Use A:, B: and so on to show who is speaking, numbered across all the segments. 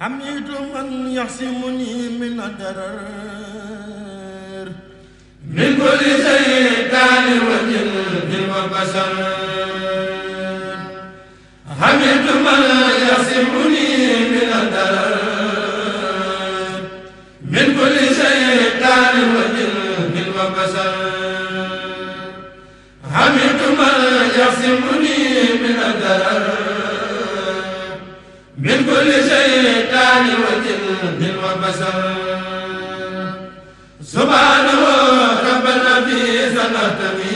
A: حميد من يحسمني من الضرر من كل شيء كان وجل بالبشر والجلد والبشر سبحانه ربنا في سنة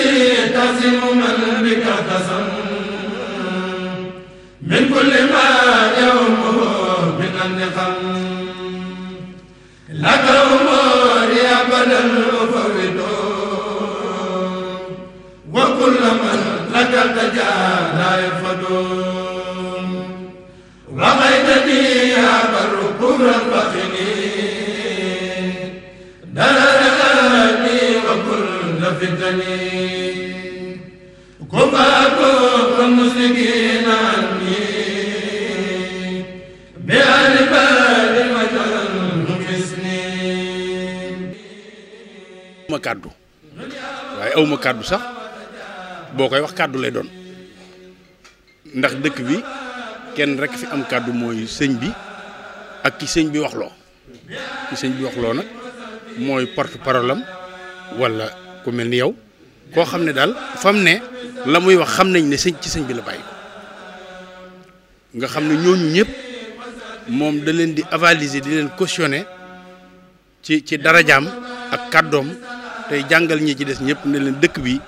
A: الذي تعزم من بك اعتصم من كل ما يومه من النقم لك اموري ابدا افوض وكل من لك التجا لا يفقد وغيتني هذا الركوب البخيل ma
B: kàddu waaye awma kàddu sax boo koy wax kàddu lay doon ndax dëkk bi kenn rekk fi am kàddu mooy sëñ bi ak ki sëñ bi waxloo ki sëñ bi waxloo nag mooy porte-parole walla ku mel ni yow koo xam ne daal fa ne la muy wax xam nañ ne sëñ ci sëñ bi la bàyyi nga xam ne ñooñu ñëpp moom da leen di avaliser di leen cautionner ci ci darajaam ak kàddoom tey jàngal ñi ci des ñëpp ne leen dëkk bi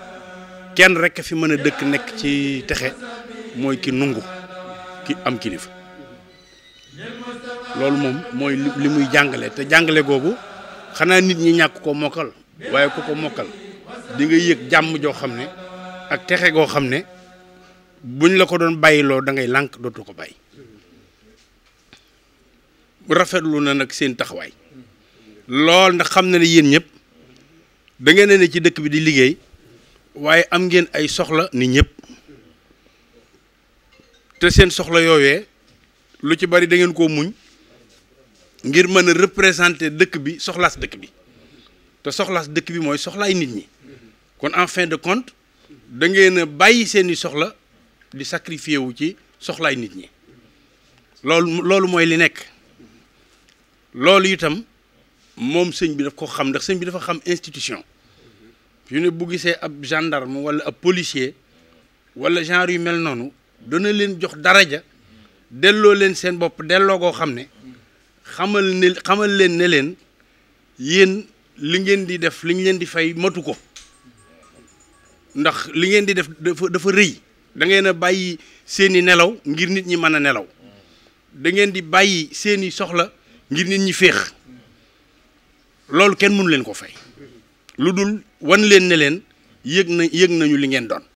B: kenn rek fi mën a dëkk nekk ci texe mooy ki nungu ki am kilifa loolu moom mooy li muy jàngale te jàngale googu xanaa nit ñi ñàkk ko mokkal waaye ko ko mokkal di nga yëg jàmm joo xam ne ak texe goo xam ne buñ la ko doon bàyyiloo da ngay lànk dootu ko bàyyi rafetlu na nag seen taxawaay lool ndax xam na ne yéen ñëpp da ngeen ne ci dëkk bi di liggéey waaye am ngeen ay soxla ni ñëpp te seen soxla yooyee lu ci bari da ngeen koo muñ ngir mën a représenter dëkk bi soxlaas dëkk bi te soxlaas dëkk bi mooy soxlaay nit ñi kon en fin de compte dangeen ngeen a bàyyi seeni soxla di sacrifier wu ci soxlaay nit ñi loolu loolu mooy li nekk loolu itam moom sëñ bi daf ko xam ndax sëñ bi dafa xam institution yu ne bu gisee ab gendarme walla ab policier walla genre yu mel noonu dana leen jox daraja delloo leen seen bopp delloo goo xam ne xamal ne xamal leen ne leen yéen li ngeen di def li ñu leen di fay matu ko ndax li ngeen di def dafa dafa rëy da ngeen bàyyi seeni nelaw ngir nit ñi mën a nelaw da ngeen di bàyyi seeni soxla ngir nit ñi féex loolu kenn mënu leen ko fay lu dul wan leen ne leen yëg na yëg nañu li ngeen doon